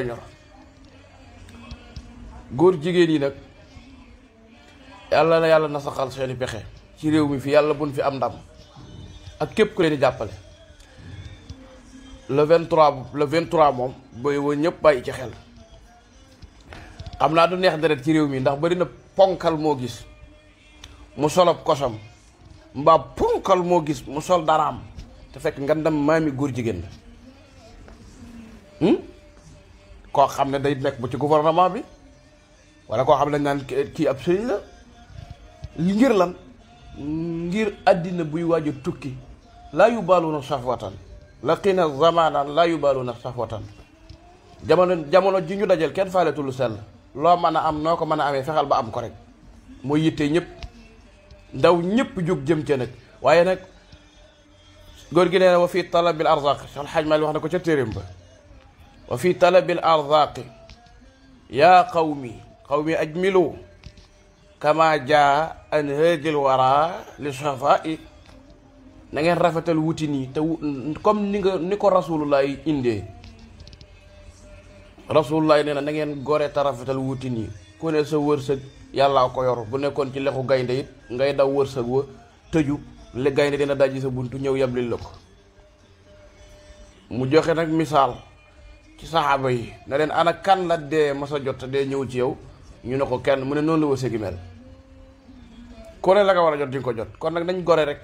ñor góor jigéen yi nag yàlla na yàlla nasaxal seeni pexe ci réew mi fii yàlla buñ fi am ndam ak képp ku leen di jàppale le 23 le 23 moom booy woo ñëpp bàyyi ci xel xam naa du neex deret ci réew mi ndax bari na ponkal moo gis mu solob kosam mbaa ponkal moo gis mu sol daraam te fekk nga ndam maami góor jigéen la hmm? koo xam ne day nekk bu ci gouvernement bi wala koo xam ne dañ naan kii ab sëriñ la ngir lan ngir àddina buy waaju tukki laa yubaaluuna safwatan la qiina zamanan laa yubaaluuna safwatan jamono jamono ji ñu dajal kenn faaletu lu sell loo mën a am noo ko mën a amee fexeel ba am ko rek moo yitte ñëpp ndaw ñëpp jóg jëm ca nag waaye nag góor gi nee na wa fii talabil arzaq Seex Alxaaj Maalik wax na ko ca téeréem ba wa fi talabil arzaaqi yaa xaw qawmi qawmi ajmilu kama jaa an hëjil wara li safaa'i na ngeen rafetal wuti nii te comme ni nga ni ko rasulullah yi indee rasulullah yi nee na na ngeen gore te rafetal wuti nii ku ne sa wërsëg yàllaa ko yor bu nekkoon ci lexu gaynde it ngay daw wërsëg wa tëju li gaynde dina dajji sa bunt ñëw yablil la ko mu joxe nag misaal ci saxaaba yi na leen ana kan la dee masa jot dee ñëw ci yow ñu ne ko kenn mu ne noonu la wërsëg gi mel ku la nga war a jot di ko jot kon nag nañ gore rek